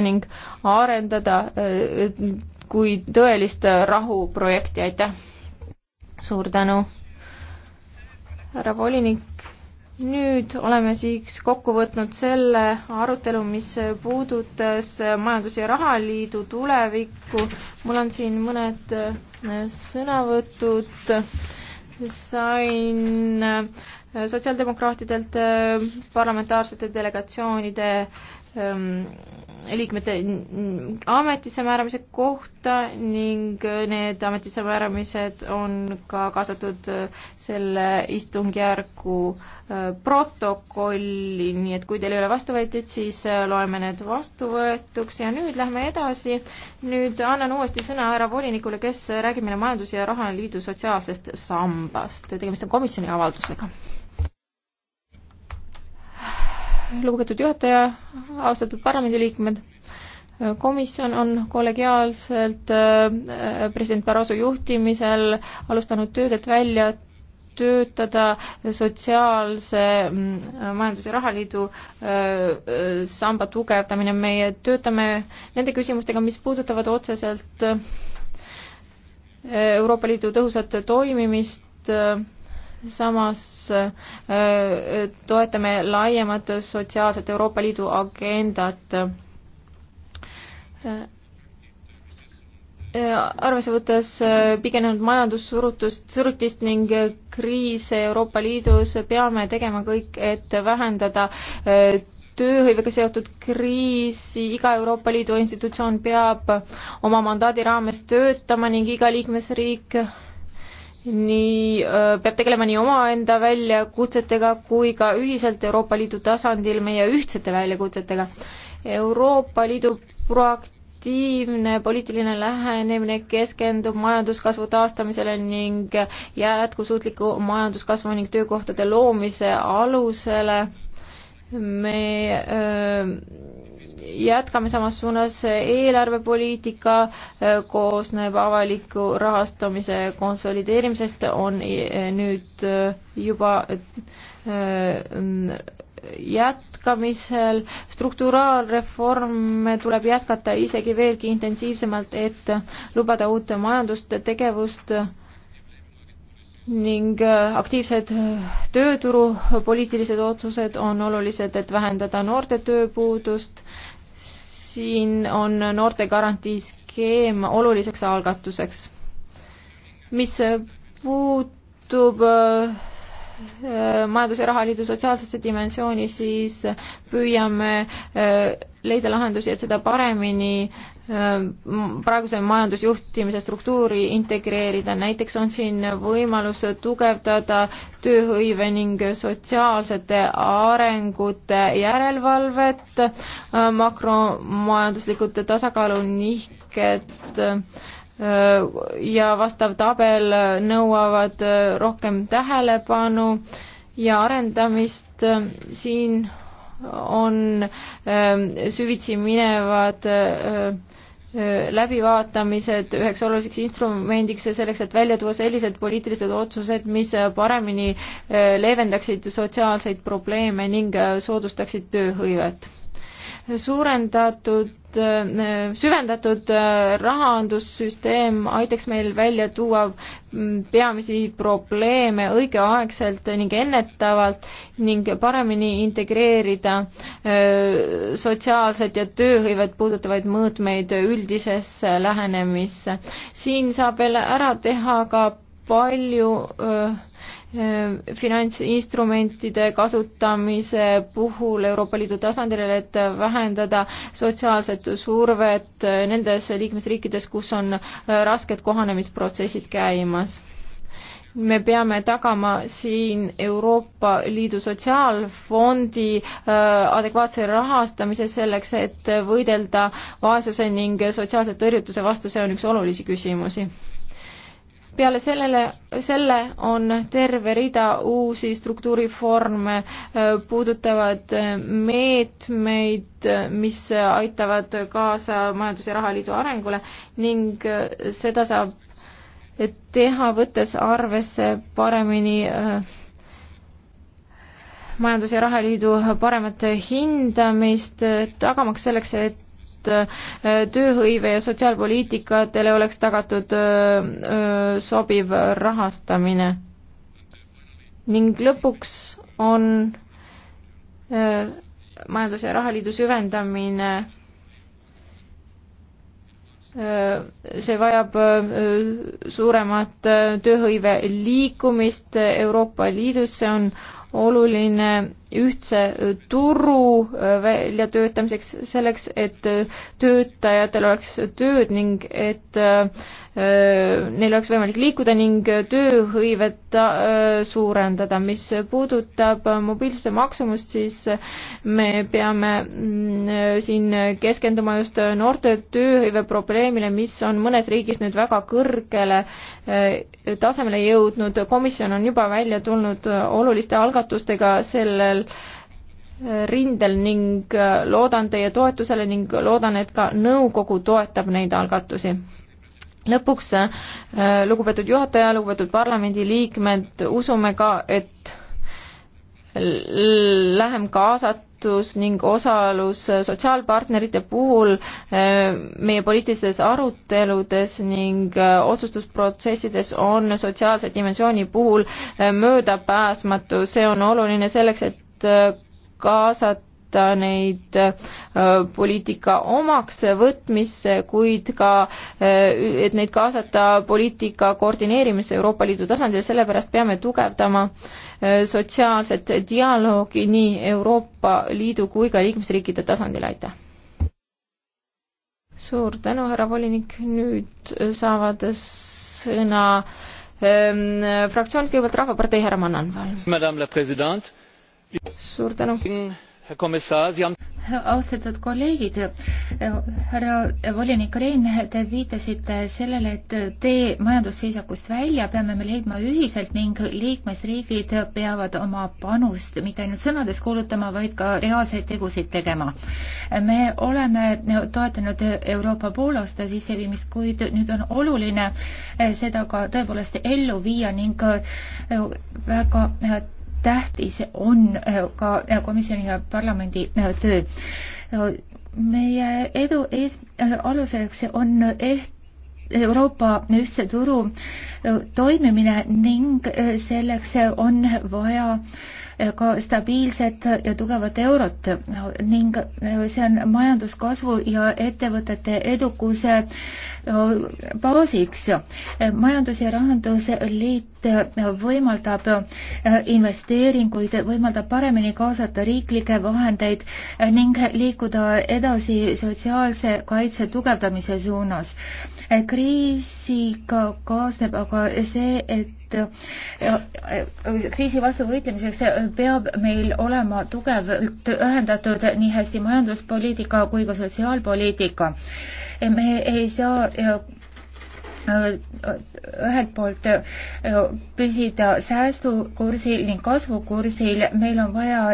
ning arendada kui tõelist rahuprojekti, aitäh! suur tänu, härra volinik, nüüd oleme siis kokku võtnud selle arutelu, mis puudutas Majandus- ja Rahaliidu tulevikku, mul on siin mõned sõnavõtud, sain sotsiaaldemokraatidelt parlamentaarsete delegatsioonide äh, Ähm, liikmete ametisse määramise kohta ning äh, need ametisse määramised on ka kaasatud äh, selle istungjärgu äh, protokolli, nii et kui teil ei ole vastuvõetud, siis loeme need vastuvõetuks ja nüüd lähme edasi. nüüd annan uuesti sõna härra volinikule, kes räägib meile Majandus- ja Rahaliidu sotsiaalsest sambast. tegemist on komisjoni avaldusega lugupeetud juhataja, austatud parlamendiliikmed komisjon on kollegiaalselt äh, president Barroso juhtimisel alustanud tööd, et välja töötada sotsiaalse mm, majandus- ja rahaliidu äh, äh, samba tugevdamine. meie töötame nende küsimustega, mis puudutavad otseselt Euroopa Liidu tõhusat toimimist samas äh, äh, toetame laiemat sotsiaalset Euroopa Liidu agendat. Äh, arvesse võttes pigenenud majandussurutust, surutist ning kriise Euroopa Liidus peame tegema kõik, et vähendada tööhõivega seotud kriisi, iga Euroopa Liidu institutsioon peab oma mandaadi raames töötama ning iga liikmesriik nii, äh, peab tegelema nii omaenda väljakutsetega kui ka ühiselt Euroopa Liidu tasandil meie ühtsete väljakutsetega. Euroopa Liidu proaktiivne poliitiline lähenemine keskendub majanduskasvu taastamisele ning jätkusuutliku majanduskasvu ning töökohtade loomise alusele. me öö, äh, jätkame samas suunas, eelarvepoliitika eh, koosneb avaliku rahastamise konsolideerimisest, on eh, nüüd eh, juba jätkamisel, strukturaalreforme tuleb jätkata isegi veelgi intensiivsemalt, et lubada uut majandustegevust ning aktiivsed tööturu poliitilised otsused on olulised, et vähendada noorte tööpuudust, siin on noortegarantii skeem oluliseks algatuseks. mis puutub äh, majandus- ja rahaliidu sotsiaalsesse dimensiooni, siis püüame äh, leida lahendusi, et seda paremini Äh, praeguse majandusjuhtimise struktuuri integreerida, näiteks on siin võimalus tugevdada tööhõive ning sotsiaalsete arengute järelevalvet, äh, makromajanduslikud tasakaalunihked äh, ja vastav tabel nõuavad rohkem tähelepanu ja arendamist siin on süvitsi minevad läbivaatamised üheks oluliseks instrumendiks ja selleks, et välja tuua sellised poliitilised otsused, mis paremini leevendaksid sotsiaalseid probleeme ning soodustaksid tööhõivet suurendatud süvendatud rahandussüsteem aitaks meil välja tuua peamisi probleeme õigeaegselt ning ennetavalt ning paremini integreerida sotsiaalset ja tööhõivet puudutavaid mõõtmeid üldisesse lähenemisse. siin saab veel ära teha ka palju öö, Äh, finantsinstrumentide kasutamise puhul Euroopa Liidu tasandil, et vähendada sotsiaalset survet äh, nendes liikmesriikides, kus on äh, rasked kohanemisprotsessid käimas. me peame tagama siin Euroopa Liidu Sotsiaalfondi adekvaatse rahastamise selleks, et võidelda vaesuse ning sotsiaalse tõrjutuse vastu, see on üks olulisi küsimusi peale sellele, selle on terve rida uusi struktuuriforme äh, puudutavad äh, meetmeid, äh, mis aitavad kaasa Majandus- ja Rahaliidu arengule ning seda saab teha, võttes arvesse paremini majandus- ja rahaliidu paremat hindamist, tagamaks selleks, et et äh, tööhõive ja sotsiaalpoliitikatele oleks tagatud äh, äh, sobiv rahastamine. ning lõpuks on majandus- ja rahaliidu süvendamine see vajab suuremat tööhõive liikumist Euroopa Liidus, see on oluline ühtse turu väljatöötamiseks, selleks, et töötajatel oleks tööd ning et neil oleks võimalik liikuda ning tööhõivet suurendada. mis puudutab mobiilsuse maksumust, siis me peame mm, siin keskenduma just noorte tööhõive probleemile, mis on mõnes riigis nüüd väga kõrgele tasemele jõudnud. komisjon on juba välja tulnud oluliste algatustega sellel sellel rindel ning äh, loodan teie toetusele ning loodan, et ka nõukogu toetab neid algatusi. lõpuks, äh, lugupeetud juhataja, lugupeetud parlamendiliikmed, usume ka, et lähem kaasatus ning osalus sotsiaalpartnerite puhul äh, meie poliitilistes aruteludes ning otsustusprotsessides on sotsiaalse dimensiooni puhul möödapääsmatu. see on oluline selleks, et Äh, kaasata neid äh, poliitika omaks võtmisse, kuid ka, äh, et neid kaasata poliitika koordineerimisse Euroopa Liidu tasandil, sellepärast peame tugevdama sotsiaalset dialoogi nii Euroopa Liidu kui ka liikmesriikide tasandil, aitäh! suur tänu, härra volinik, nüüd saavad sõna ähm, fraktsioon, kõigepealt Rahvapartei härra Mannanval suur tänu. austatud kolleegid, härra volinik Rein, te viitasite sellele, et tee majandusseisakust välja peame me leidma ühiselt ning liikmesriigid peavad oma panust mitte ainult sõnades kuulutama, vaid ka reaalseid tegusid tegema. me oleme toetanud Euroopa poolaasta sisseviimist, kuid nüüd on oluline seda ka tõepoolest ellu viia ning väga tähtis on äh, ka äh, komisjoni ja parlamendi äh, töö. meie edu ees, aluseks on eht-, Euroopa ühtse turu toimimine ning selleks on vaja äh, ka stabiilset ja tugevat eurot ning see on majanduskasvu ja ettevõtete edukuse baasiks. majandus- ja rahandusliit võimaldab investeeringuid, võimaldab paremini kaasata riiklikke vahendeid ning liikuda edasi sotsiaalse kaitse tugevdamise suunas. kriisiga kaasneb aga see, et et äh, kriisi vastu võitlemiseks peab meil olema tugevalt ühendatud nii hästi majanduspoliitika kui ka sotsiaalpoliitika. me ei saa äh, ühelt poolt äh, püsida säästukursil ning kasvukursil, meil on vaja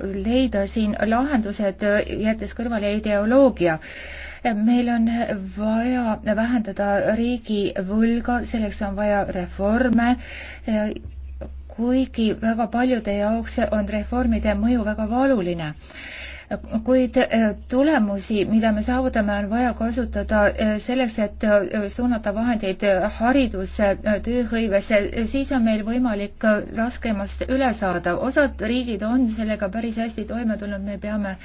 leida siin lahendused, jättes kõrvale ideoloogia meil on vaja vähendada riigivõlga, selleks on vaja reforme, kuigi väga paljude jaoks on reformide mõju väga valuline kuid tulemusi, mida me saavutame, on vaja kasutada selleks, et suunata vahendeid haridusse, tööhõivesse, siis on meil võimalik raskemast üle saada. osad riigid on sellega päris hästi toime tulnud, me peame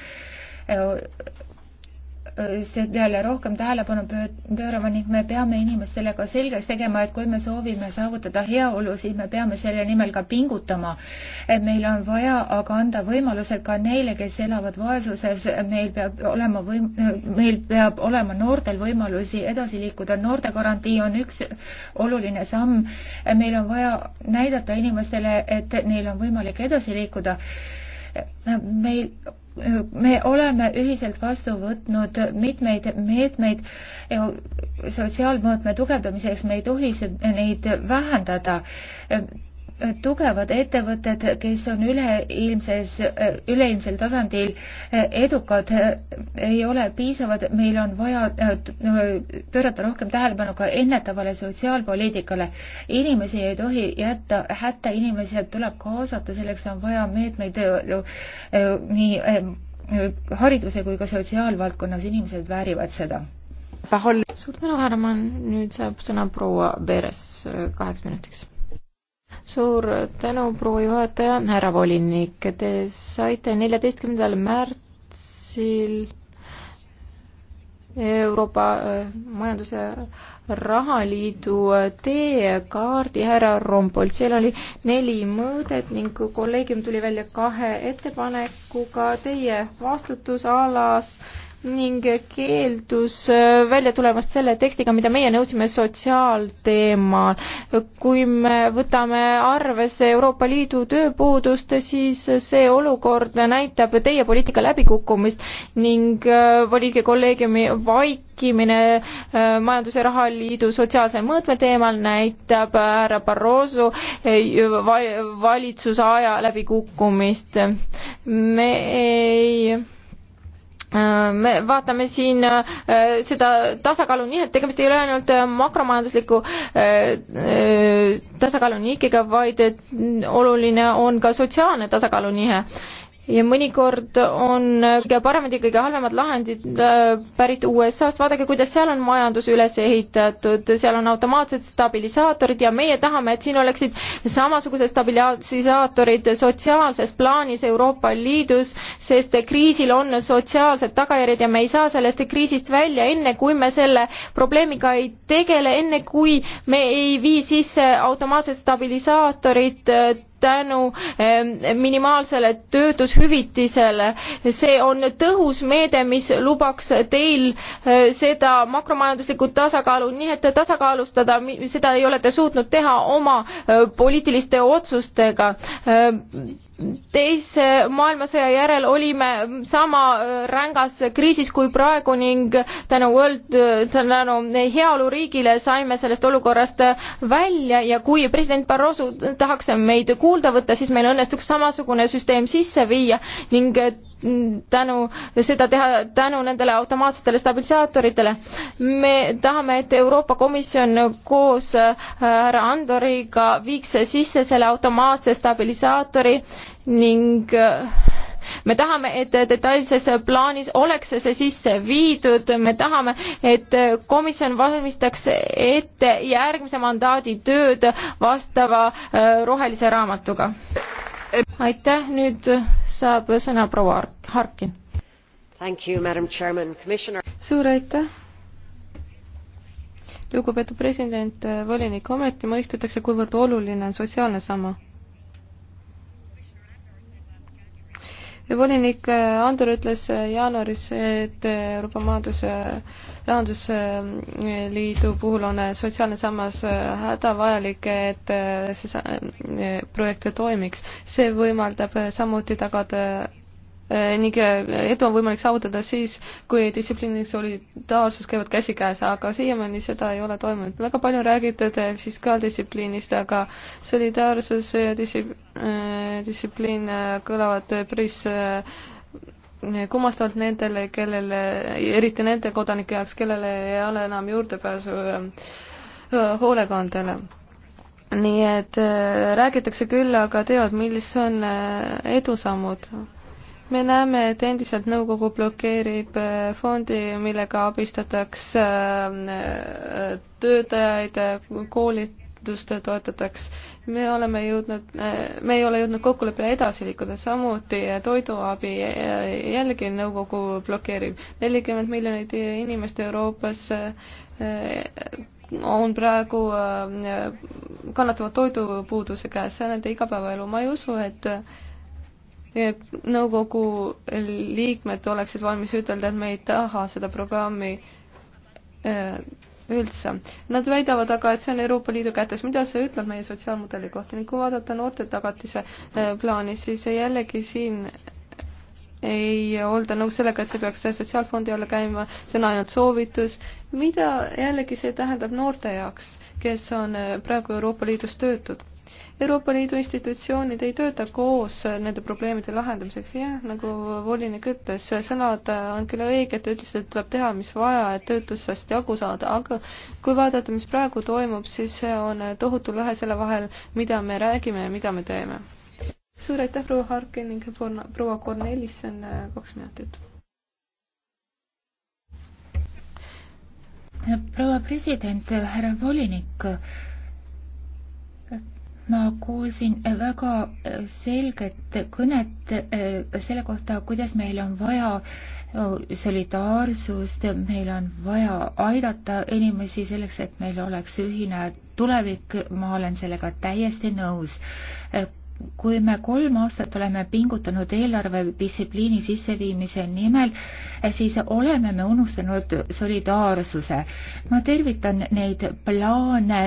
sellele rohkem tähelepanu pöörama ning me peame inimestele ka selgeks tegema, et kui me soovime saavutada heaolu, siis me peame selle nimel ka pingutama. meil on vaja aga anda võimalused ka neile, kes elavad vaesuses, meil peab olema võim-, äh, meil peab olema noortel võimalusi edasi liikuda, noortegarantii on üks oluline samm, meil on vaja näidata inimestele, et neil on võimalik edasi liikuda meil me oleme ühiselt vastu võtnud mitmeid meetmeid sotsiaalmõõtme tugevdamiseks, me ei tohi neid vähendada tugevad ettevõtted, kes on üleilmses, üleilmsel tasandil eh, edukad, eh, ei ole piisavad, meil on vaja eh, pöörata rohkem tähelepanu ka ennetavale sotsiaalpoliitikale. inimesi ei tohi jätta hätta, inimesed tuleb kaasata, selleks on vaja meetmeid nii hariduse kui ka sotsiaalvaldkonnas, inimesed väärivad seda suur tänu, härra Mann, nüüd saab sõna proua Beres kaheks minutiks suur tänu, proua juhataja, härra volinik, te saite neljateistkümnendal märtsil Euroopa äh, Majandus- ja Rahaliidu äh, teekaardi härra Rompolt, seal oli neli mõõdet ning kolleegium tuli välja kahe ettepanekuga teie vastutusalas äh, ning keeldus äh, välja tulemast selle tekstiga, mida meie nõudsime sotsiaalteemal. kui me võtame arvesse Euroopa Liidu tööpuudust, siis see olukord näitab teie poliitika läbikukkumist ning äh, volinike kolleegiumi vaikimine äh, Majandus- ja Rahaliidu sotsiaalse mõõtme teemal näitab härra Barroso valitsuse aja läbikukkumist. me ei me vaatame siin äh, seda tasakaalu nihet, tegemist ei ole ainult äh, makromajandusliku äh, tasakaalu nihikiga, vaid oluline on ka sotsiaalne tasakaalu nihe ja mõnikord on kõige paremad ja kõige halvemad lahendid äh, pärit USA-st, vaadake, kuidas seal on majandus üles ehitatud, seal on automaatsed stabilisaatorid ja meie tahame, et siin oleksid samasugused stabilisaatorid sotsiaalses plaanis Euroopa Liidus, sest kriisil on sotsiaalsed tagajärjed ja me ei saa sellest kriisist välja enne, kui me selle probleemiga ei tegele, enne kui me ei vii sisse automaatset stabilisaatorit äh, tänu ehm, minimaalsele töötushüvitisele. see on tõhus meede, mis lubaks teil eh, seda makromajanduslikku tasakaalu, nii et tasakaalustada, seda ei ole te suutnud teha oma eh, poliitiliste otsustega. Ehm, teise maailmasõja järel olime sama eh, rängas kriisis kui praegu ning tänu World, tänu heaoluriigile saime sellest olukorrast välja ja kui president Barroso tahaks meid kuulata, kuulda võtta, siis meil õnnestuks samasugune süsteem sisse viia ning äh, tänu, seda teha tänu nendele automaatsetele stabilisaatoritele. me tahame, et Euroopa Komisjon koos äh, härra Andoriga viiks sisse selle automaatse stabilisaatori ning äh, me tahame, et detailses plaanis oleks see sisse viidud, me tahame, et komisjon valmistaks ette järgmise mandaadi tööd vastava äh, rohelise raamatuga. aitäh, nüüd saab sõna proua Harkin. suur aitäh lugupeetud president, äh, volinik, ometi mõistetakse, kuivõrd oluline on sotsiaalne sama. volinik äh, Andur ütles äh, jaanuaris, et äh, Euroopa Majanduse, Rahandusliidu puhul on sotsiaalne sammas hädavajalik, et see projekt toimiks. see võimaldab samuti tagada Eh, ning eh, edu on võimalik saavutada siis, kui distsipliin ja solidaarsus käivad käsikäes, aga siiamaani seda ei ole toimunud. väga palju on räägitud eh, fiskaaldistsipliinist, aga solidaarsus ja distsip-, distsipliin kõlavad päris kummastavalt nendele, kellele, eriti nende kodanike jaoks, kellele ei ole enam juurdepääsu hoolekandele nii et äh, räägitakse küll, aga teod, millised on äh, edusammud? me näeme, et endiselt nõukogu blokeerib äh, fondi, millega abistatakse äh, töötajaid, äh, koolitust toetatakse. me oleme jõudnud, me ei ole jõudnud kokkuleppele edasi liikuda, samuti toiduabi jällegi nõukogu blokeerib. nelikümmend miljonit inimest Euroopas on praegu, kannatavad toidupuuduse käes, see on nende igapäevaelu, ma ei usu, et nõukogu liikmed oleksid valmis ütelda, et me ei taha seda programmi äh, üldse. Nad väidavad aga, et see on Euroopa Liidu kätes. mida see ütleb meie sotsiaalmudeli kohta? nüüd kui vaadata noorte tagatise äh, plaani, siis jällegi siin ei olda nõus sellega, et see peaks sotsiaalfondi alla käima, see on ainult soovitus. mida jällegi see tähendab noorte jaoks, kes on äh, praegu Euroopa Liidus töötud? Euroopa Liidu institutsioonid ei tööta koos nende probleemide lahendamiseks, jah, nagu volinik ütles, sõnad on küll õiged, ta ütles, et tuleb teha, mis vaja, et töötusest jagu saada, aga kui vaadata, mis praegu toimub, siis on tohutu lõhe selle vahel, mida me räägime ja mida me teeme. suur aitäh, proua Harkin ning proua Kornelisson, äh, kaks minutit. proua president, härra volinik ma kuulsin eh, väga eh, selget kõnet eh, selle kohta, kuidas meil on vaja solidaarsust, meil on vaja aidata inimesi selleks, et meil oleks ühine tulevik, ma olen sellega täiesti nõus kui me kolm aastat oleme pingutanud eelarvedistsipliini sisseviimise nimel, siis oleme me unustanud solidaarsuse. ma tervitan neid plaane,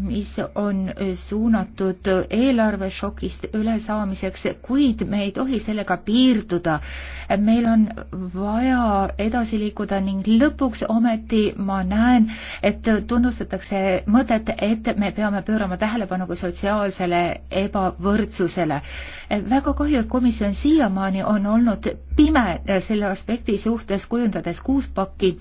mis on suunatud eelarvešokist ülesaamiseks, kuid me ei tohi sellega piirduda. meil on vaja edasi liikuda ning lõpuks ometi ma näen, et tunnustatakse mõtet, et me peame pöörama tähelepanu ka sotsiaalsele ebavõrdsusele võrdsusele. väga kahju, et komisjon siiamaani on olnud pime selle aspekti suhtes, kujundades kuuspaki.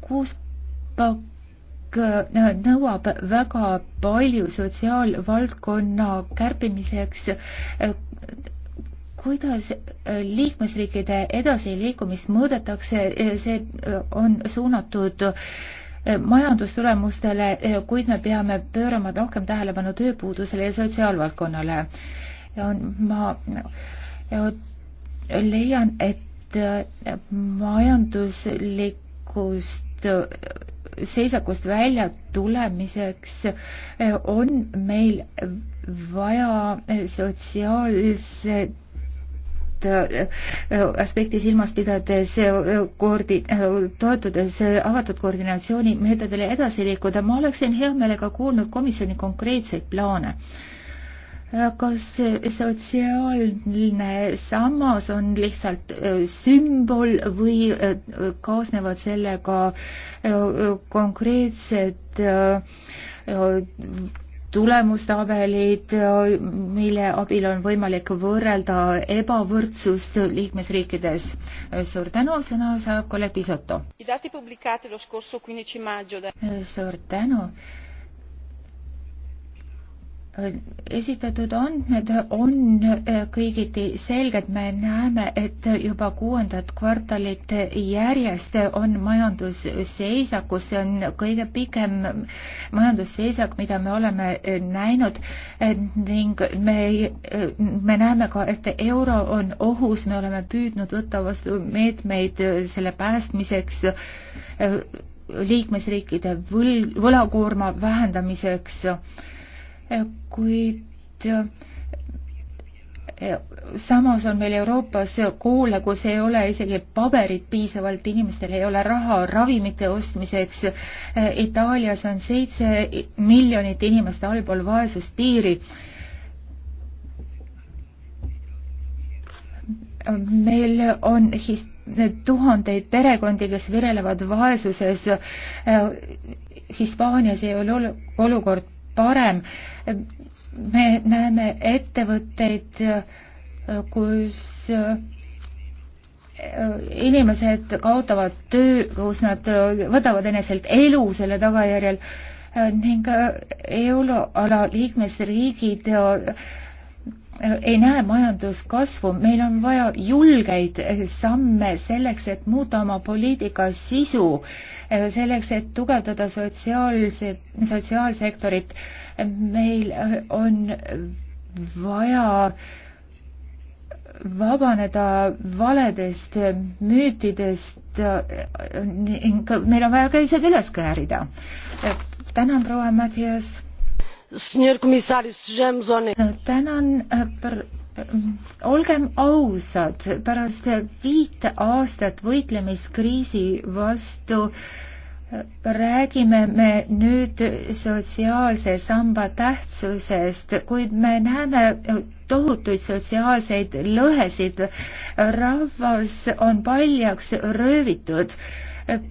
kuuspakk äh, nõuab väga palju sotsiaalvaldkonna kärpimiseks kuidas liikmesriikide edasiliikumist mõõdetakse, see on suunatud majandustulemustele, kuid me peame pöörama rohkem tähelepanu tööpuudusele ja sotsiaalvaldkonnale. ma leian, et äh, majanduslikust äh, seisakust välja tulemiseks äh, on meil vaja sotsiaalse sotsiaalset äh, äh, aspekti silmas pidades äh, koordi-, toetudes avatud koordinatsioonimeetodile edasi liikuda, ma oleksin hea meelega kuulnud komisjoni konkreetseid plaane kas sotsiaalne sammas on lihtsalt sümbol või kaasnevad sellega konkreetsed tulemustabelid, mille abil on võimalik võrrelda ebavõrdsust liikmesriikides. suur tänu, sõna saab kolleeg Isoto. suur tänu esitatud andmed on eh, kõigiti selged, me näeme, et juba kuuendat kvartalit järjest on majandusseisakus, see on kõige pikem majandusseisak, mida me oleme eh, näinud eh, ning me, me näeme ka, et euro on ohus, me oleme püüdnud võtta vastu meetmeid selle päästmiseks liikmesriikide võl-, võlakoorma vähendamiseks kuid eh, samas on meil Euroopas koole, kus ei ole isegi paberit piisavalt, inimestel ei ole raha ravimite ostmiseks. Eh, Itaalias on seitse miljonit inimest allpool vaesuspiiri. meil on his-, tuhandeid perekondi, kes virelevad vaesuses. Eh, Hispaanias ei ole olukord parem. me näeme ettevõtteid, kus eh, inimesed kaotavad töö, kus nad eh, võtavad eneselt elu selle tagajärjel eh, ning euroala liikmesriigid ei näe majanduskasvu, meil on vaja julgeid samme selleks, et muuta oma poliitika sisu, selleks, et tugevdada sotsiaalse, sotsiaalsektorit. meil on vaja vabaneda valedest müütidest ning meil on vaja ka isegi üles käärida. tänan, proua Mattias senhor comissário, sejamos honestos. Eh, tänan, eh, eh, olgem ausad, pärast viite aastat võitlemiskriisi vastu räägime me nüüd sotsiaalse samba tähtsusest, kuid me näeme tohutuid sotsiaalseid lõhesid. rahvas on paljaks röövitud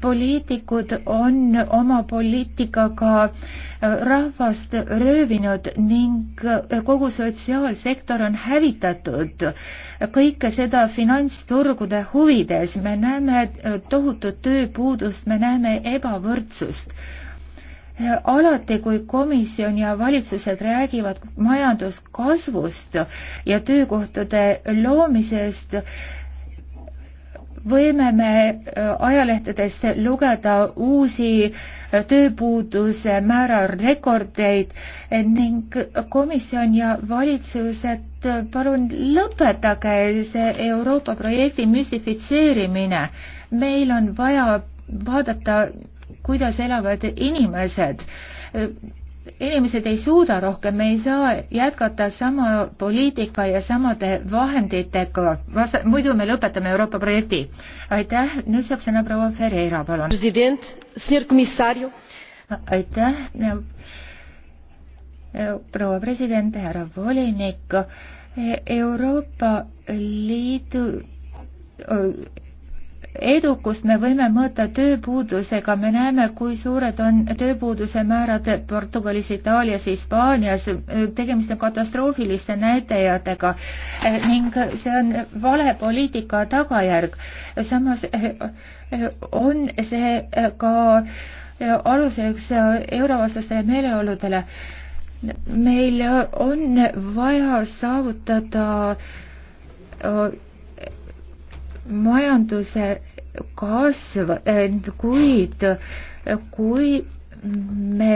poliitikud on oma poliitikaga äh, rahvast röövinud ning äh, kogu sotsiaalsektor on hävitatud. kõike seda finantsturgude huvides, me näeme äh, tohutut tööpuudust, me näeme ebavõrdsust alati, kui komisjon ja valitsused räägivad majanduskasvust ja töökohtade loomisest, võime me äh, ajalehtedest lugeda uusi äh, tööpuuduse määra rekordeid äh, ning komisjon ja valitsused, palun lõpetage see Euroopa projekti müstifitseerimine. meil on vaja vaadata, kuidas elavad inimesed inimesed ei suuda rohkem, me ei saa jätkata sama poliitika ja samade vahenditega, muidu me lõpetame Euroopa projekti. aitäh, nüüd saab sõna proua Ferreira, palun. aitäh, proua president, härra volinik, Euroopa Liidu edukust me võime mõõta tööpuudusega, me näeme, kui suured on tööpuuduse määrad Portugalis, Itaalias, Hispaanias, tegemist on katastroofiliste näitajatega ning see on vale poliitika tagajärg. samas on see ka aluseks eurovastastele meeleoludele. meil on vaja saavutada majanduse kasv, eh, kuid kui me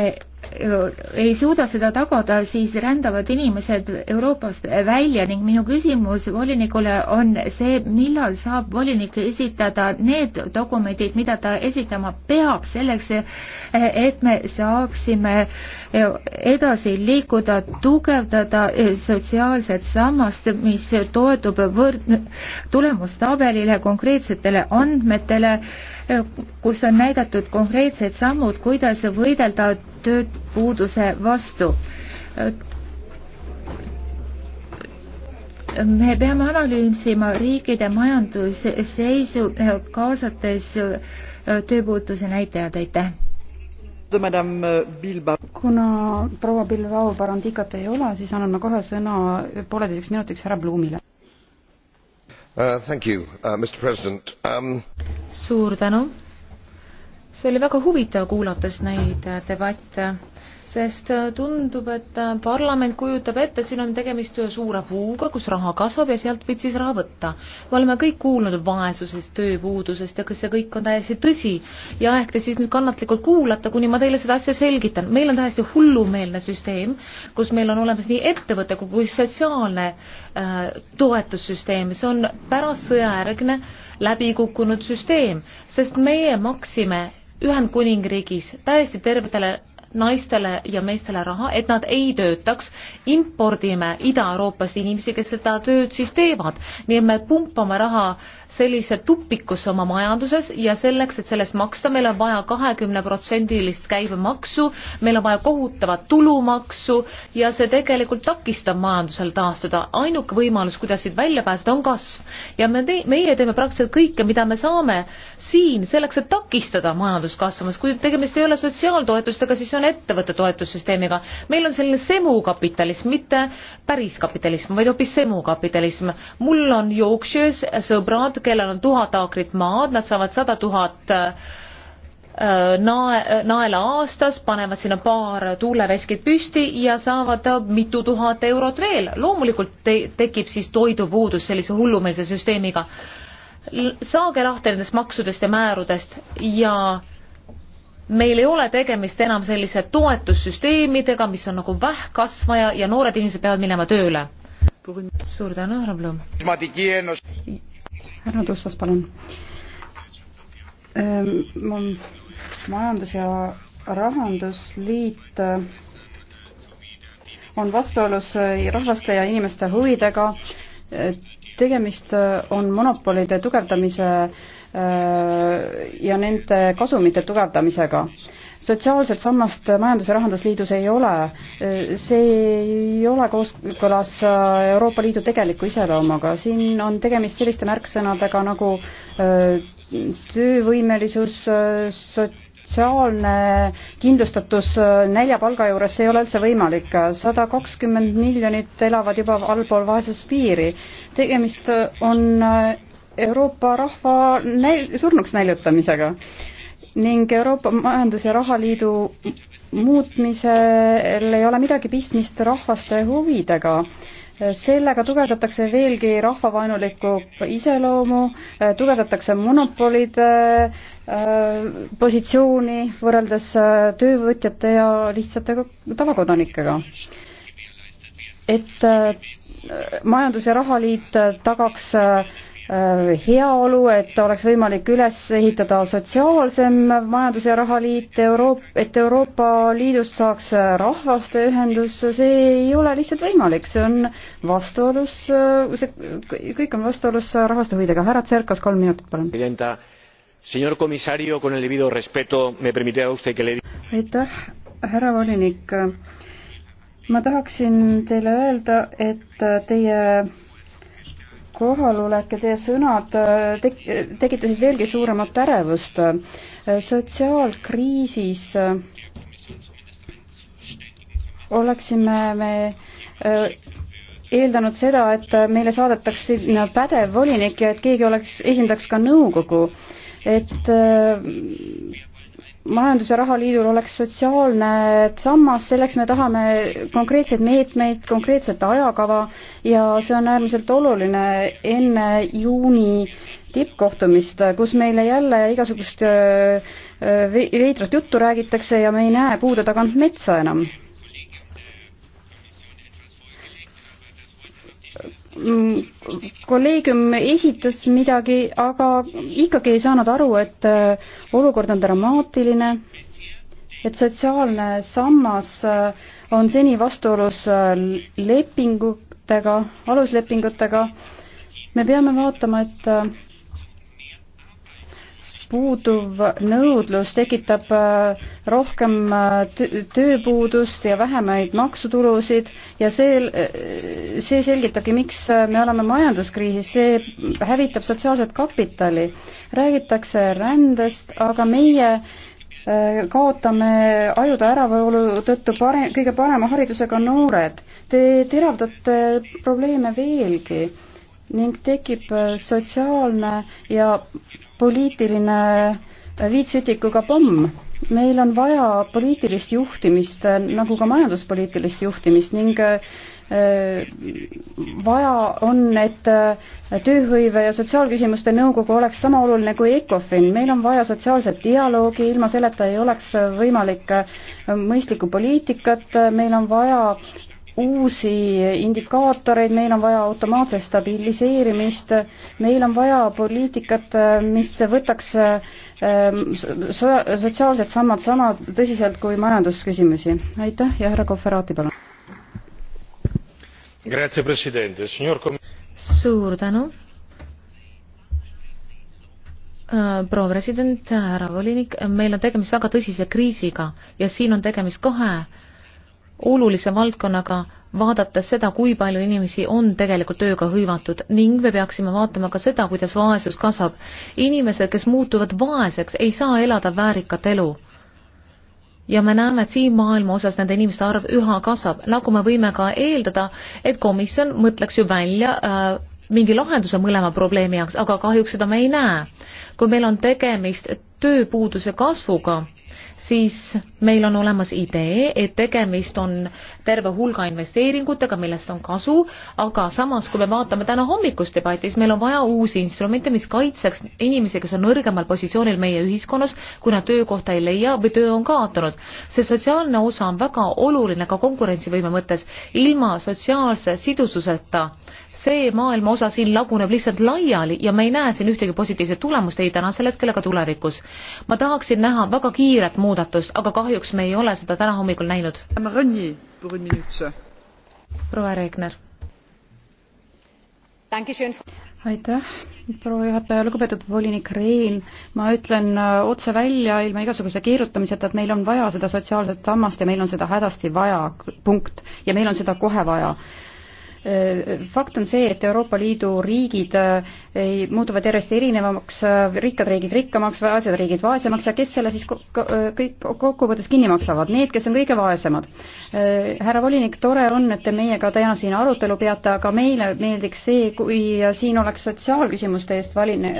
Äh, ei suuda seda tagada, siis rändavad inimesed Euroopast välja ning minu küsimus volinikule on see, millal saab volinik esitada need dokumendid, mida ta esitama peab, selleks äh, et me saaksime äh, edasi liikuda, tugevdada sotsiaalset sammast, mis toetub võrd-, tulemustabelile, konkreetsetele andmetele kus on näidatud konkreetsed sammud, kuidas võidelda tööpuuduse vastu. me peame analüüsima riikide majandusseisu, kaasates tööpuuduse näitajad, aitäh! kuna proua Bilbao Barandikat ei ole, siis annan ma kohe sõna pooleteiseks minutiks härra Blumile. Uh, uh um, suur tänu see oli väga huvitav kuulates neid äh, debatte sest äh, tundub, et äh, parlament kujutab ette, siin on tegemist ühe äh, suure puuga, kus raha kasvab ja sealt võid siis raha võtta. me oleme kõik kuulnud vaesusest, tööpuudusest ja kas see kõik on täiesti tõsi ja ehk te siis nüüd kannatlikult kuulate, kuni ma teile seda asja selgitan. meil on täiesti hullumeelne süsteem, kus meil on olemas nii ettevõte kui sotsiaalne äh, toetussüsteem, see on pärastsõjajärgne läbikukkunud süsteem, sest meie maksime Ühendkuningriigis täiesti tervetele naistele ja meestele raha, et nad ei töötaks, impordime Ida-Euroopast inimesi, kes seda tööd siis teevad. nii et me pumpame raha sellise tupikusse oma majanduses ja selleks, et sellest maksta, meil on vaja kahekümneprotsendilist käibemaksu, meil on vaja kohutavat tulumaksu ja see tegelikult takistab majandusel taastuda. ainuke võimalus, kuidas siit välja pääseda, on kasv. ja me te-, meie teeme praktiliselt kõike, mida me saame siin selleks, et takistada majanduskasvamist, kui tegemist ei ole sotsiaaltoetustega, siis on selle ettevõtte toetussüsteemiga. meil on selline semukapitalism, mitte päris kapitalism, vaid hoopis semukapitalism. mul on Yorkshire's sõbrad, kellel on tuhat aakrit maad, nad saavad sada tuhat äh, nae, naela aastas, panevad sinna paar tuuleveskit püsti ja saavad mitu tuhat eurot veel. loomulikult te tekib siis toidupuudus sellise hullumeelse süsteemiga. saage lahti nendest maksudest ja määrudest ja äh, meil ei ole tegemist enam sellise toetussüsteemidega, mis on nagu vähkkasvaja ja noored inimesed peavad minema tööle. suur tänu, härra Blum. härra Tustas, palun. Ehm, majandus- ja rahandusliit eh, on vastuolus eh, rahvaste ja inimeste huvidega. Eh, tegemist on monopolide tugevdamise Äh, ja nende kasumite tugevdamisega sotsiaalset sammast Majandus- ja Rahandusliidus ei ole. Äh, see ei ole kooskõlas äh, Euroopa Liidu tegeliku iseloomuga, siin on tegemist selliste märksõnadega nagu töövõimelisus, sotsiaalne kindlustatus näljapalga juures, see ei ole üldse võimalik. sada kakskümmend miljonit elavad juba allpool vaesuspiiri. tegemist on Euroopa rahva näil-, surnuks näljutamisega ning Euroopa Majandus- ja Rahaliidu muutmisel ei ole midagi pistmist rahvaste huvidega. sellega tugevdatakse veelgi rahvavaenulikku iseloomu, tugevdatakse monopolide äh, positsiooni võrreldes äh, töövõtjate ja lihtsate tavakodanikega. et äh, majandus- ja rahaliit tagaks äh, Äh, heaolu, et oleks võimalik üles ehitada sotsiaalsem majandus- ja rahaliit, Euroop-, et Euroopa Liidust saaks rahvaste ühendus, see ei ole lihtsalt võimalik, see on vastuolus, see kõik on vastuolus rahvaste huvidega. härra Tserkas, kolm minutit, palun. Señor comisario, con el debido respeto, me permitirá usted que le aitäh, härra volinik. ma tahaksin teile öelda, et teie kohalolek ja teie sõnad äh, tek-, tekitasid veelgi suuremat ärevust. Äh, sotsiaalkriisis äh, oleksime me eeldanud seda, et meile saadetakse pädev volinik ja et keegi oleks, esindaks ka nõukogu. et majandus- ja rahaliidul oleks sotsiaalne sammas, selleks me tahame konkreetseid meetmeid, konkreetset ajakava ja see on äärmiselt oluline enne juuni tippkohtumist, kus meile jälle igasugust äh, äh, veidrat juttu räägitakse ja me ei näe puude tagant metsa enam Mm, kolleegium esitas midagi, aga ikkagi ei saanud aru, et äh, olukord on dramaatiline, et sotsiaalne sammas äh, on seni vastuolus äh, lepingutega, aluslepingutega. me peame vaatama, et puuduv nõudlus tekitab äh, rohkem äh, tööpuudust ja vähemaid maksutulusid ja see, äh, see selgitabki, miks me oleme majanduskriisis, see hävitab sotsiaalset kapitali. räägitakse rändest, aga meie kaotame ajude äravoolu tõttu parem, kõige parema haridusega noored. Te teravdate probleeme veelgi ning tekib sotsiaalne ja poliitiline viitsütikuga pomm. meil on vaja poliitilist juhtimist nagu ka majanduspoliitilist juhtimist ning äh, vaja on, et äh, tööhõive ja sotsiaalküsimuste nõukogu oleks sama oluline kui ECOFIN, meil on vaja sotsiaalset dialoogi, ilma selleta ei oleks võimalik äh, mõistlikku poliitikat, meil on vaja uusi indikaatoreid, meil on vaja automaatset stabiliseerimist, meil on vaja poliitikat, mis võtaks ähm, so sotsiaalsed sammad sama tõsiselt kui majandusküsimusi. aitäh ja härra Kohverati, palun. suur tänu. Äh, proua president, härra volinik, meil on tegemist väga tõsise kriisiga ja siin on tegemist kahe olulise valdkonnaga, vaadates seda, kui palju inimesi on tegelikult tööga hõivatud ning me peaksime vaatama ka seda, kuidas vaesus kasvab. inimesed, kes muutuvad vaeseks, ei saa elada väärikat elu. ja me näeme, et siin maailma osas nende inimeste arv üha kasvab, nagu me võime ka eeldada, et komisjon mõtleks ju välja äh, mingi lahenduse mõlema probleemi jaoks, aga kahjuks seda me ei näe. kui meil on tegemist tööpuuduse kasvuga siis meil on olemas idee, et tegemist on terve hulga investeeringutega, millest on kasu, aga samas, kui me vaatame täna hommikust debatti, siis meil on vaja uusi instrumente, mis kaitseks inimesi, kes on nõrgemal positsioonil meie ühiskonnas, kui nad töökohta ei leia või töö on kaotanud. see sotsiaalne osa on väga oluline ka konkurentsivõime mõttes. ilma sotsiaalse sidususeta see maailma osa siin laguneb lihtsalt laiali ja me ei näe siin ühtegi positiivset tulemust ei tänasel hetkel ega tulevikus. ma tahaksin näha väga kiiret muutust muudatust, aga kahjuks me ei ole seda täna hommikul näinud. proua Regner. aitäh, proua juhataja, lugupeetud volinik Rein, ma ütlen äh, otse välja ilma igasuguse keerutamiseta, et meil on vaja seda sotsiaalset sammast ja meil on seda hädasti vaja, punkt. ja meil on seda kohe vaja äh, fakt on see, et Euroopa Liidu riigid äh, ei, muutuvad järjest erinevamaks, äh, rikkad riigid rikkamaks, vaesed riigid vaesemaks ja kes selle siis äh, kõik kokkuvõttes kinni maksavad, need, kes on kõige vaesemad. Äh, härra volinik, tore on, et te meiega täna siin arutelu peate, aga meile meeldiks see, kui siin oleks sotsiaalküsimuste eest valine,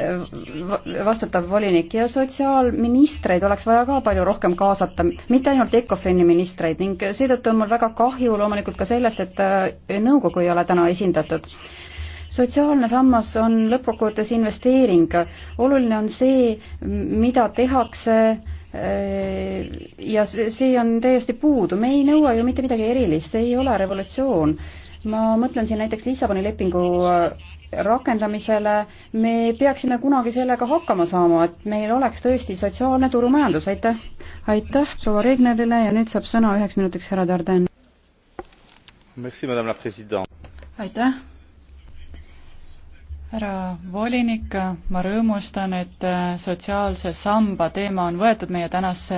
vastutav volinik ja sotsiaalministreid oleks vaja ka palju rohkem kaasata, mitte ainult ECOFIN-i ministreid ning seetõttu on mul väga kahju loomulikult ka sellest, et nõukogu ei ole täna esindatud sotsiaalne sammas on lõppkokkuvõttes investeering. oluline on see, mida tehakse eh, ja see on täiesti puudu, me ei nõua ju mitte midagi erilist, see ei ole revolutsioon. ma mõtlen siin näiteks Lissaboni lepingu eh, rakendamisele, me peaksime kunagi sellega hakkama saama, et meil oleks tõesti sotsiaalne turumajandus, aitäh. aitäh proua Regnerile ja nüüd saab sõna üheks minutiks härra Darden. aitäh härra volinik, ma rõõmustan, et äh, sotsiaalse samba teema on võetud meie tänase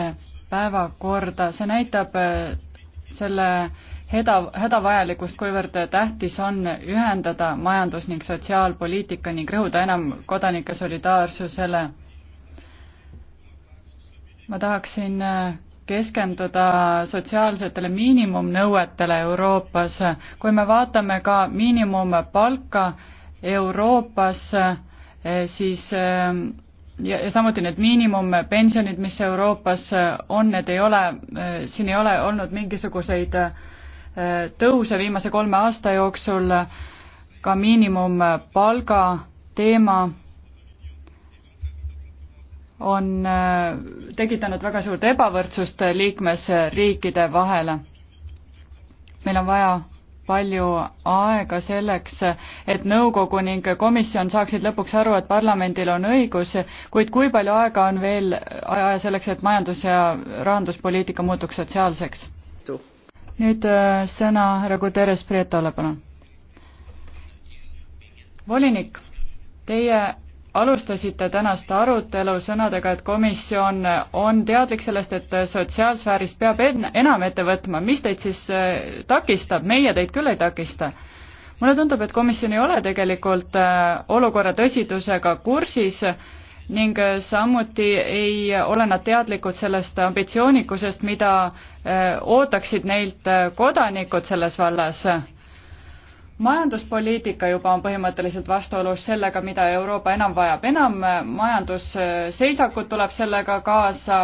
päevakorda, see näitab äh, selle häda, hädavajalikkust, kuivõrd tähtis on ühendada majandus- ning sotsiaalpoliitika ning rõhuda enam kodanike solidaarsusele. ma tahaksin äh, keskenduda sotsiaalsetele miinimumnõuetele Euroopas. kui me vaatame ka miinimumpalka, Euroopas eh, siis eh, ja, ja samuti need miinimumpensionid, mis Euroopas eh, on, need ei ole, siin ei ole olnud mingisuguseid tõuse viimase kolme aasta jooksul, ka miinimumpalga teema on tekitanud väga suurt ebavõrdsust liikmesriikide vahele. meil on vaja palju aega selleks, et nõukogu ning komisjon saaksid lõpuks aru, et parlamendil on õigus, kuid kui palju aega on veel aja selleks, et majandus- ja rahanduspoliitika muutuks sotsiaalseks? nüüd äh, sõna härra Guterres Prietole, palun. volinik, teie alustasite tänast arutelu sõnadega, et komisjon on teadlik sellest, et sotsiaalsfääris peab en-, enam ette võtma, mis teid siis äh, takistab, meie teid küll ei takista. mulle tundub, et komisjon ei ole tegelikult äh, olukorra tõsidusega kursis ning äh, samuti ei ole nad teadlikud sellest ambitsioonikusest, mida ootaksid neilt kodanikud selles vallas majanduspoliitika juba on põhimõtteliselt vastuolus sellega, mida Euroopa enam vajab, enam äh, majandusseisakut tuleb sellega kaasa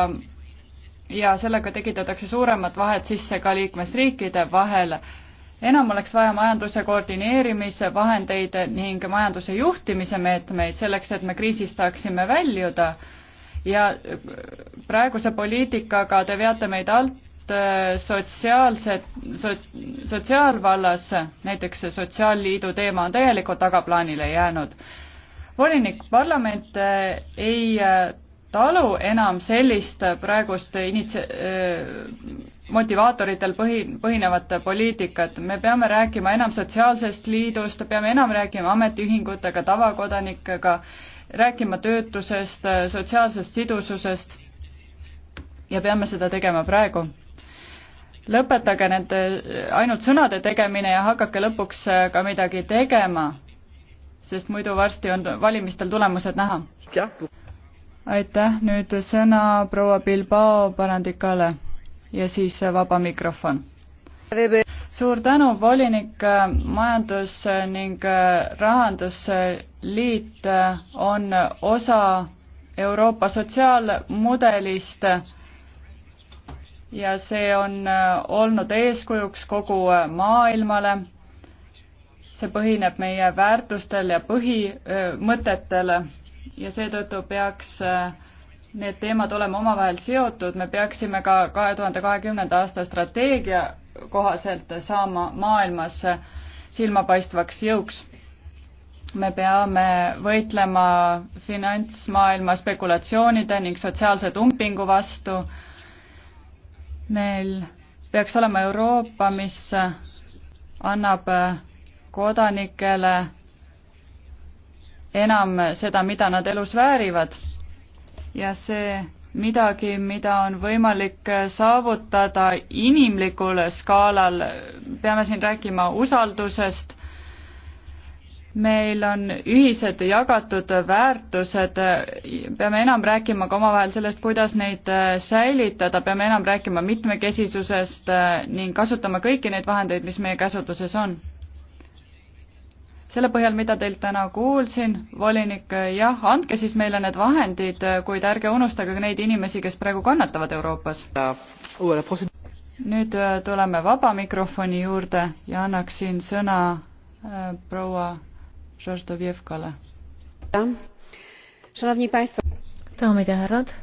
ja sellega tekitatakse suuremat vahet sisse ka liikmesriikide vahel. enam oleks vaja majanduse koordineerimise vahendeid ning majanduse juhtimise meetmeid selleks, et me kriisist saaksime väljuda ja äh, praeguse poliitikaga te veate meid alt Äh, sotsiaalse so,, sotsiaalvallas näiteks Sotsiaalliidu teema on täielikult tagaplaanile jäänud. volinik, parlament äh, ei äh, talu enam sellist praegust initsi-, motivaatoritel põhi, põhinevat poliitikat, me peame rääkima enam sotsiaalsest liidust, peame enam rääkima ametiühingutega, tavakodanikega, rääkima töötusest, sotsiaalsest sidususest ja peame seda tegema praegu lõpetage nende ainult sõnade tegemine ja hakake lõpuks äh, ka midagi tegema, sest muidu varsti on valimistel tulemused näha. aitäh, nüüd sõna proua Bilbao Barandicale ja siis äh, vaba mikrofon suur tänu, volinik, majandus äh, ning rahandusliit on osa Euroopa sotsiaalmudelist ja see on äh, olnud eeskujuks kogu äh, maailmale. see põhineb meie väärtustel ja põhimõtetel äh, ja seetõttu peaks need teemad olema omavahel seotud, me peaksime ka kahe tuhande kahekümnenda aasta strateegia kohaselt saama maailmas silmapaistvaks jõuks. me peame võitlema finantsmaailma spekulatsioonide ning sotsiaalse dumpingu vastu meil peaks olema Euroopa, mis annab kodanikele enam seda, mida nad elus väärivad. ja see midagi, mida on võimalik saavutada inimlikul skaalal, peame siin rääkima usaldusest meil on ühised jagatud väärtused, peame enam rääkima ka omavahel sellest, kuidas neid äh, säilitada, peame enam rääkima mitmekesisusest äh, ning kasutama kõiki neid vahendeid, mis meie käsutuses on. selle põhjal, mida teilt täna kuulsin, volinik, äh, jah, andke siis meile need vahendid, kuid ärge unustage ka neid inimesi, kes praegu kannatavad Euroopas. nüüd tuleme vaba mikrofoni juurde ja annaksin sõna äh, proua Žoždovjevkale. daamid ja härrad,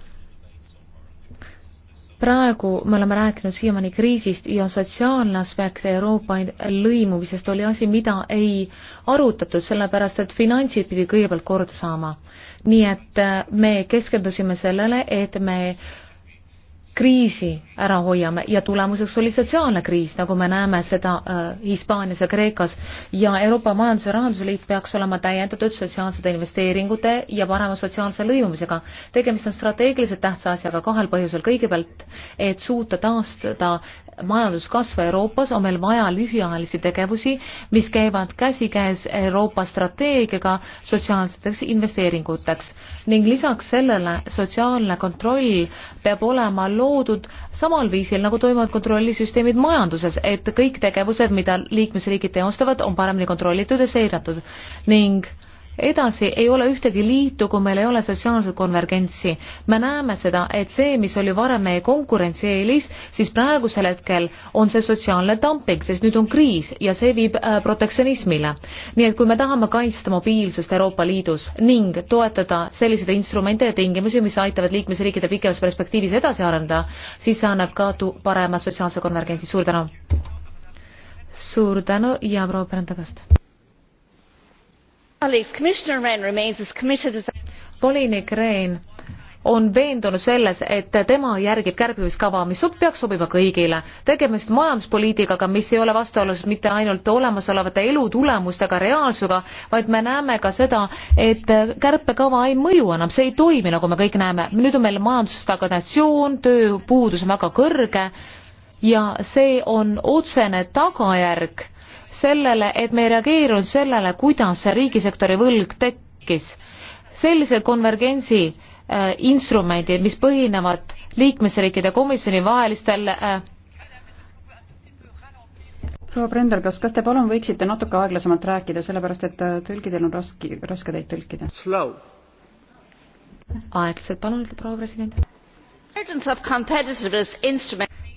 praegu me oleme rääkinud siiamaani kriisist ja sotsiaalne aspekt Euroopa lõimumisest oli asi, mida ei arutatud, sellepärast et finantsid pidid kõigepealt korda saama. nii et eh, me keskendusime sellele, et me äh, kriisi ära hoiame ja tulemuseks oli sotsiaalne kriis, nagu me näeme seda äh, Hispaanias ja Kreekas ja Euroopa Majandus- ja Rahandusliit peaks olema täiendatud sotsiaalsete investeeringute ja parema sotsiaalse lõimumisega. tegemist on strateegiliselt tähtsa asjaga kahel põhjusel, kõigepealt, et suuta taastada majanduskasvu Euroopas, on meil vaja lühiajalisi tegevusi, mis käivad käsikäes Euroopa strateegiaga sotsiaalseteks investeeringuteks. ning lisaks sellele sotsiaalne kontroll peab olema loodud samal viisil, nagu toimuvad kontrollisüsteemid majanduses, et kõik tegevused, mida liikmesriigid teostavad, on paremini kontrollitud ja seiratud ning edasi ei ole ühtegi liitu, kui meil ei ole sotsiaalset konvergentsi. me näeme seda, et see, mis oli varem meie konkurentsieelis, siis praegusel hetkel on see sotsiaalne dumping, sest nüüd on kriis ja see viib äh, protektsionismile. nii et kui me tahame kaitsta mobiilsust Euroopa Liidus ning toetada selliseid instrumente ja tingimusi, mis aitavad liikmesriikide pikemas perspektiivis edasi arendada, siis see annab ka parema sotsiaalse konvergentsi. suur tänu! suur tänu ja proua Pärndakast! volinik Rehn on veendunud selles, et tema järgib kärbimiskava, mis peaks sobima kõigile. tegemist majanduspoliitikaga, mis ei ole vastuolus mitte ainult olemasolevate elutulemustega, reaalsusega, vaid me näeme ka seda, et kärpekava ei mõju enam, see ei toimi, nagu me kõik näeme. nüüd on meil majandusstagnatsioon, tööpuudus on väga kõrge ja see on otsene tagajärg sellele, et me ei reageerinud sellele, kuidas see riigisektori võlg tekkis. sellise konvergentsi äh, instrumendid, mis põhinevad liikmesriikide komisjoni vahelistel äh, proua Brender, kas, kas te palun võiksite natuke aeglasemalt rääkida, sellepärast et äh, tõlkidel on raske, raske teid tõlkida. aeglaselt, palun, ütleb proua president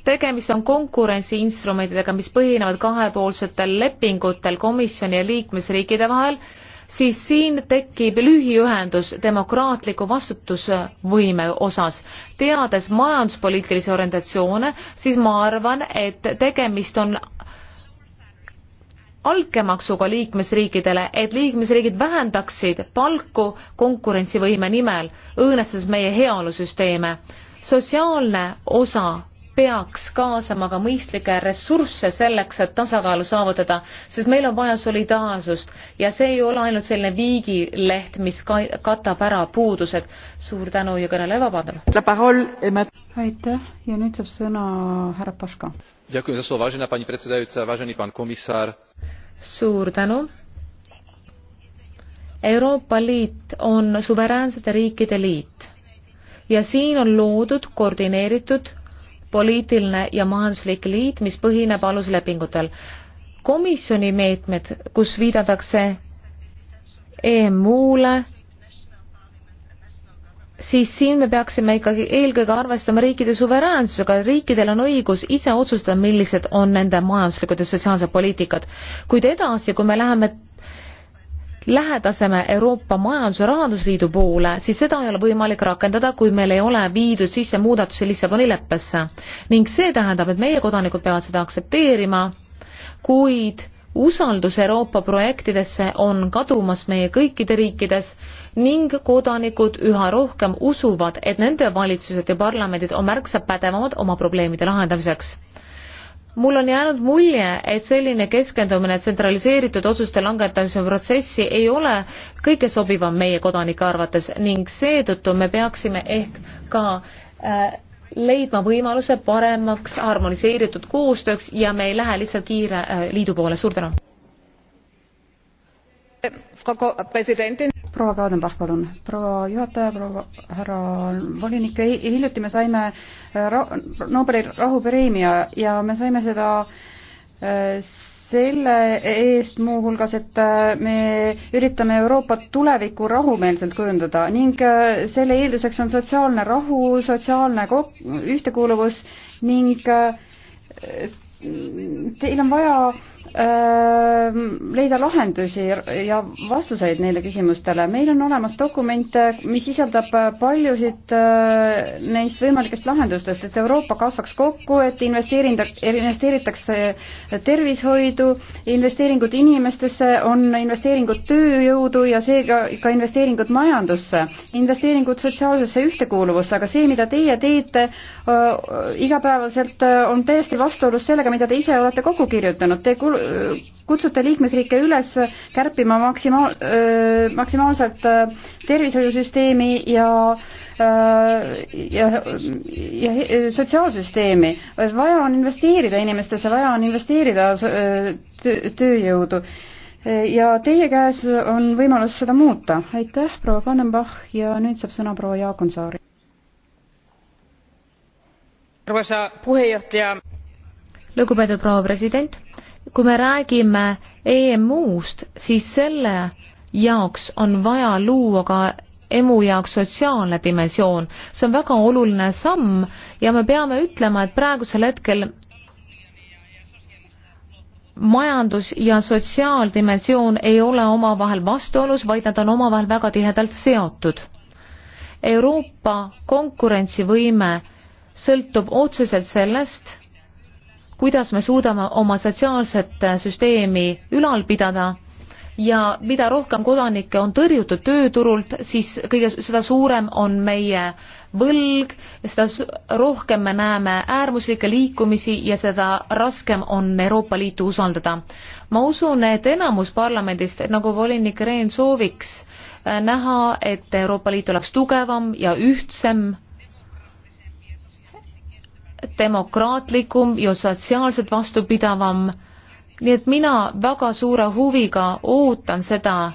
tegemist on konkurentsiinstrumentidega, mis põhinevad kahepoolsetel lepingutel komisjoni ja liikmesriikide vahel, siis siin tekib lühiühendus demokraatliku vastutusvõime osas. teades majanduspoliitilisi orientatsioone, siis ma arvan, et tegemist on altkäemaksuga liikmesriikidele, et liikmesriigid vähendaksid palku konkurentsivõime nimel, õõnestades meie heaolusüsteeme. sotsiaalne osa peaks kaasama ka mõistlikke ressursse selleks, et tasakaalu saavutada, sest meil on vaja solidaarsust ja see ei ole ainult selline viigileht, mis ka-, katab ära puudused. suur tänu ja kõneleja vabandab. aitäh ja nüüd saab sõna härra Paška. suur tänu. Euroopa Liit on suveräänsete riikide liit ja siin on loodud koordineeritud poliitiline ja majanduslik liit, mis põhineb aluslepingutel. komisjoni meetmed, kus viidatakse EMU-le, siis siin me peaksime ikkagi eelkõige arvestama riikide suveräänsusega, riikidel on õigus ise otsustada, millised on nende majanduslikud ja sotsiaalsed poliitikad. kuid edasi, kui me läheme lähedaseme Euroopa Majandus- ja Rahandusliidu poole, siis seda ei ole võimalik rakendada, kui meil ei ole viidud sisse muudatusi Lissaboni leppesse. ning see tähendab, et meie kodanikud peavad seda aktsepteerima, kuid usaldus Euroopa projektidesse on kadumas meie kõikide riikides ning kodanikud üha rohkem usuvad, et nende valitsused ja parlamendid on märksa pädevamad oma probleemide lahendamiseks mul on jäänud mulje, et selline keskendumine tsentraliseeritud otsuste langetamise protsessi ei ole kõige sobivam meie kodanike arvates ning seetõttu me peaksime ehk ka äh, leidma võimaluse paremaks harmoniseeritud koostööks ja me ei lähe lihtsalt kiire äh, liidu poole. suur tänu! proua Kadenbach, palun. proua juhataja, proua härra volinik, hiljuti me saime äh, ra-, Nobeli rahupreemia ja me saime seda äh, selle eest muuhulgas, et äh, me üritame Euroopat tulevikku rahumeelselt kujundada ning selle eelduseks on sotsiaalne rahu, sotsiaalne kok-, ühtekuuluvus ning teil on vaja leida lahendusi ja vastuseid neile küsimustele. meil on olemas dokument, mis sisaldab paljusid neist võimalikest lahendustest, et Euroopa kasvaks kokku, et investeerinda, investeeritakse tervishoidu, investeeringud inimestesse on investeeringud tööjõudu ja seega ka investeeringud majandusse, investeeringud sotsiaalsesse ühtekuuluvusse, aga see, mida teie teete igapäevaselt, on täiesti vastuolus sellega, mida te ise olete kokku kirjutanud. Te kul-, kutsute liikmesriike üles kärpima maksimaal-, maksimaalselt tervishoiusüsteemi ja ja, ja sotsiaalsüsteemi. vaja on investeerida inimestesse, vaja on investeerida tööjõudu. ja teie käes on võimalus seda muuta. aitäh, proua Kannenbach ja nüüd saab sõna proua Jaakonsaari. arvoisa puhejuhataja. lugupeetud proua president kui me räägime EMU-st, siis selle jaoks on vaja luua ka emu jaoks sotsiaalne dimensioon. see on väga oluline samm ja me peame ütlema, et praegusel hetkel majandus ja sotsiaaldimensioon ei ole omavahel vastuolus, vaid nad on omavahel väga tihedalt seotud. Euroopa konkurentsivõime sõltub otseselt sellest, kuidas me suudame oma sotsiaalset süsteemi ülal pidada ja mida rohkem kodanikke on tõrjutud tööturult, siis kõige, seda suurem on meie võlg, seda rohkem me näeme äärmuslikke liikumisi ja seda raskem on Euroopa Liitu usaldada. ma usun, et enamus parlamendist, nagu volinik Rehn sooviks, näha, et Euroopa Liit oleks tugevam ja ühtsem demokraatlikum ja sotsiaalselt vastupidavam. nii et mina väga suure huviga ootan seda,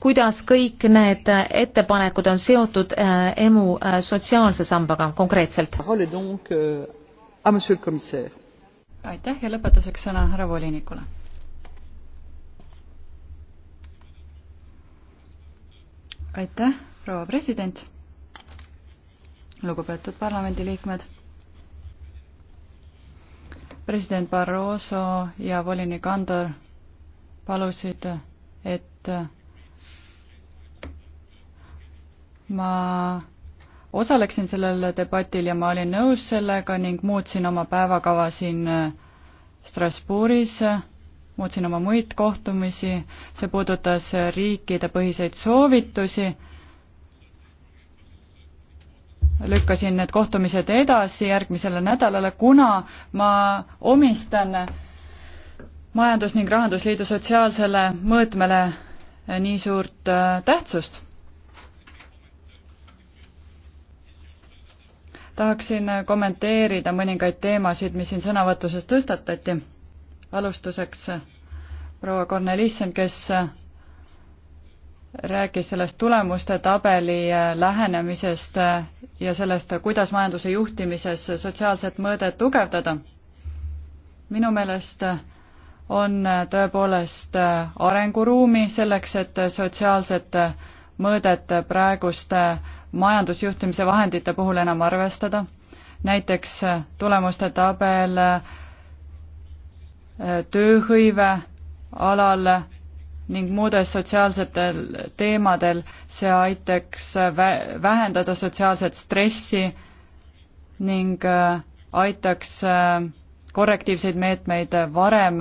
kuidas kõik need ettepanekud on seotud äh, EMU äh, sotsiaalse sambaga konkreetselt. Euh, aitäh ja lõpetuseks sõna härra volinikule. aitäh, proua president lugupeetud parlamendiliikmed. president Barroso ja volinik Andor palusid, et ma osaleksin sellel debatil ja ma olin nõus sellega ning muutsin oma päevakava siin Strasbourgis, muutsin oma muid kohtumisi, see puudutas riikide põhiseid soovitusi lükkasin need kohtumised edasi järgmisele nädalale, kuna ma omistan majandus- ning rahandusliidu sotsiaalsele mõõtmele eh, nii suurt eh, tähtsust. tahaksin eh, kommenteerida mõningaid teemasid, mis siin sõnavõtuses tõstatati. alustuseks proua Kornelissen, kes rääkis sellest tulemuste tabeli äh, lähenemisest äh, ja sellest, kuidas majanduse juhtimises sotsiaalset mõõdet tugevdada. minu meelest äh, on tõepoolest arenguruumi selleks, et sotsiaalset mõõdet praeguste majandusjuhtimise vahendite puhul enam arvestada. näiteks tulemuste tabel tööhõive alal ning muudel sotsiaalsetel teemadel, see aitaks vä-, vähendada sotsiaalset stressi ning äh, aitaks äh, korrektiivseid meetmeid varem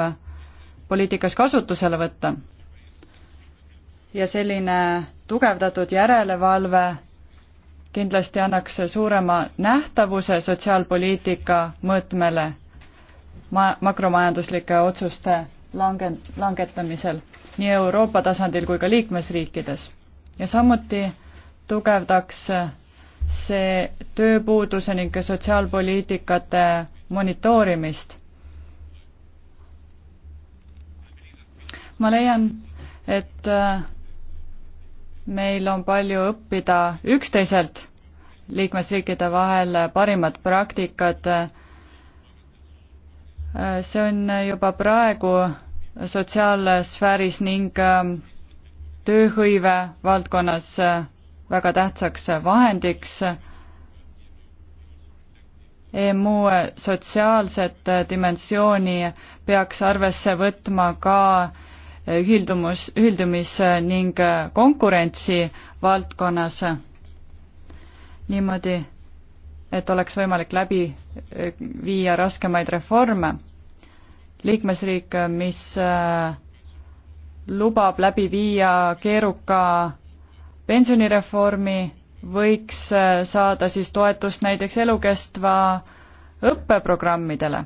poliitikas kasutusele võtta. ja selline tugevdatud järelevalve kindlasti annaks suurema nähtavuse sotsiaalpoliitika mõõtmele ma-, makromajanduslike otsuste lange-, langetamisel nii Euroopa tasandil kui ka liikmesriikides. ja samuti tugevdaks see tööpuuduse ning sotsiaalpoliitikate monitoorimist. ma leian, et äh, meil on palju õppida üksteiselt liikmesriikide vahel äh, parimad praktikad. Äh, see on juba praegu sotsiaalsfääris ning ähm, tööhõive valdkonnas äh, väga tähtsaks äh, vahendiks. EMU äh, sotsiaalset dimensiooni peaks arvesse võtma ka ühildumus, ühildumis- ning konkurentsi valdkonnas niimoodi, et oleks võimalik läbi viia raskemaid reforme liikmesriik, mis äh, lubab läbi viia keeruka pensionireformi, võiks äh, saada siis toetust näiteks elukestva õppeprogrammidele.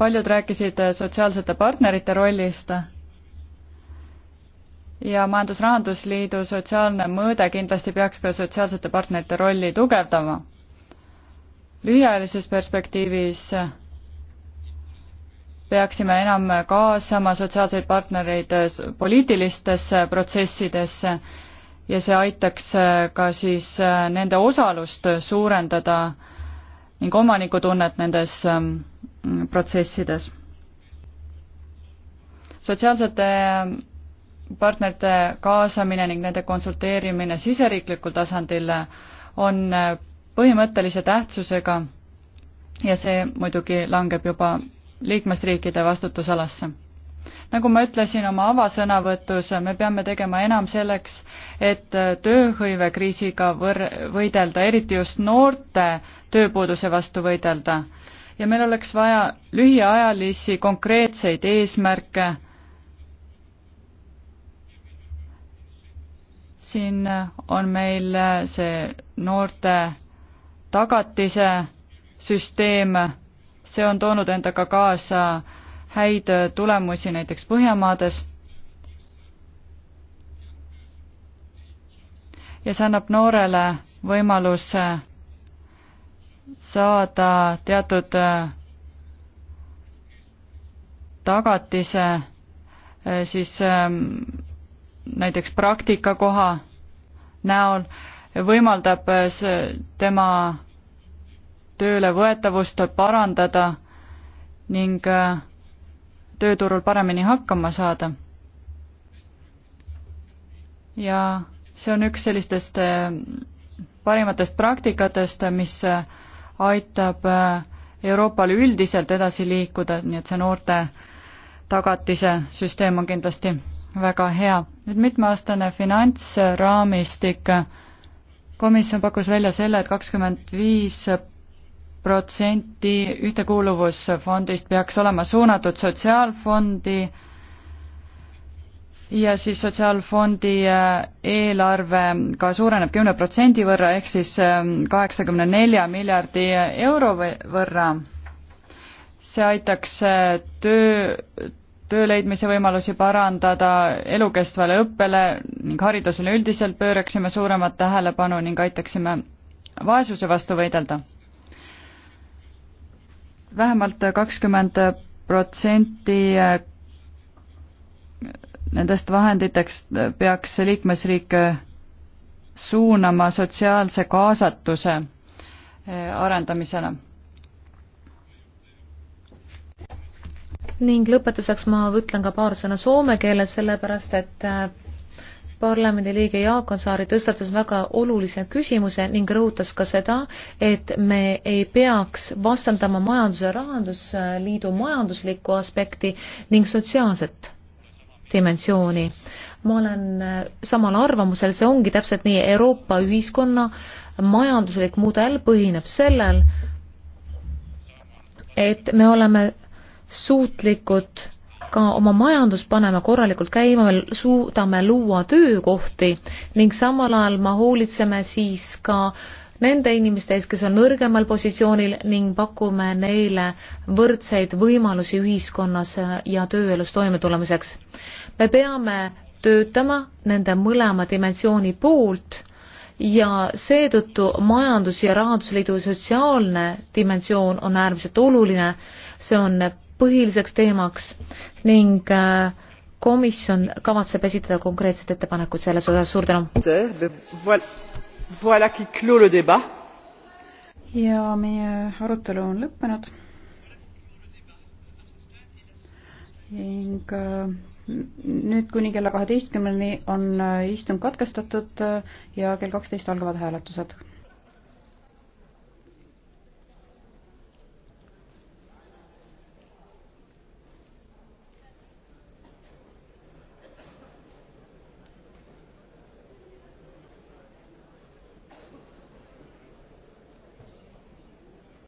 paljud rääkisid äh, sotsiaalsete partnerite rollist ja Majandus-Rahandusliidu sotsiaalne mõõde kindlasti peaks ka sotsiaalsete partnerite rolli tugevdama lühiajalises perspektiivis peaksime enam kaasama sotsiaalseid partnereid poliitilistesse protsessidesse ja see aitaks ka siis äh, nende osalust suurendada ning omanikutunnet nendes ähm, protsessides. sotsiaalsete ähm, partnerite kaasamine ning nende konsulteerimine siseriiklikul tasandil on äh, põhimõttelise tähtsusega ja see muidugi langeb juba liikmesriikide vastutusalasse. nagu ma ütlesin oma avasõnavõtus, me peame tegema enam selleks, et tööhõivekriisiga võr-, võidelda, eriti just noorte tööpuuduse vastu võidelda. ja meil oleks vaja lühiajalisi konkreetseid eesmärke, siin on meil see noorte tagatise süsteem, see on toonud endaga kaasa häid tulemusi näiteks Põhjamaades. ja see annab noorele võimaluse saada teatud äh, tagatise äh, siis ähm, näiteks praktikakoha näol võimaldab äh, tema töölevõetavust parandada ning äh, tööturul paremini hakkama saada. ja see on üks sellistest äh, parimatest praktikatest, mis aitab Euroopal üldiselt edasi liikuda, nii et see noorte tagatise süsteem on kindlasti väga hea. nüüd mitmeaastane finantsraamistik komisjon pakkus välja selle et, et kakskümmend viis protsenti ühtekuuluvusfondist peaks olema suunatud sotsiaalfondi ja siis sotsiaalfondi äh, eelarve ka suureneb kümne protsendi võrra ehk siis ähm, kaheksakümne nelja miljardi euro võrra. see aitaks äh, töö, töö leidmise võimalusi parandada, elukestvale õppele ning haridusele üldiselt pööraksime suuremat tähelepanu ning aitaksime vaesuse vastu võidelda. vähemalt kakskümmend protsenti eh, nendest vahenditest peaks liikmesriik eh, suunama sotsiaalse kaasatuse eh, arendamisele ning lõpetuseks ma ütlen ka paar sõna soome keeles, sellepärast et äh, parlamendiliige Jaak Ansaari tõstatas väga olulise küsimuse ning rõhutas ka seda, et me ei peaks vastandama majandus- ja rahandusliidu majanduslikku aspekti ning sotsiaalset dimensiooni. ma olen äh, samal arvamusel, see ongi täpselt nii, Euroopa ühiskonna majanduslik mudel põhineb sellel, et me oleme suutlikud ka oma majandust paneme korralikult käima, me suudame luua töökohti ning samal ajal me hoolitseme siis ka nende inimeste ees, kes on nõrgemal positsioonil ning pakume neile võrdseid võimalusi ühiskonnas ja tööelus toimetulemiseks. me peame töötama nende mõlema dimensiooni poolt ja seetõttu Majandus- ja Rahandusliidu sotsiaalne dimensioon on äärmiselt oluline, see on põhiliseks teemaks ning äh, komisjon kavatseb esitada konkreetsed ettepanekud selles osas, suur tänu! ja meie arutelu on lõppenud ning äh, nüüd kuni kella kaheteistkümneni on äh, istung katkestatud ja kell kaksteist algavad hääletused.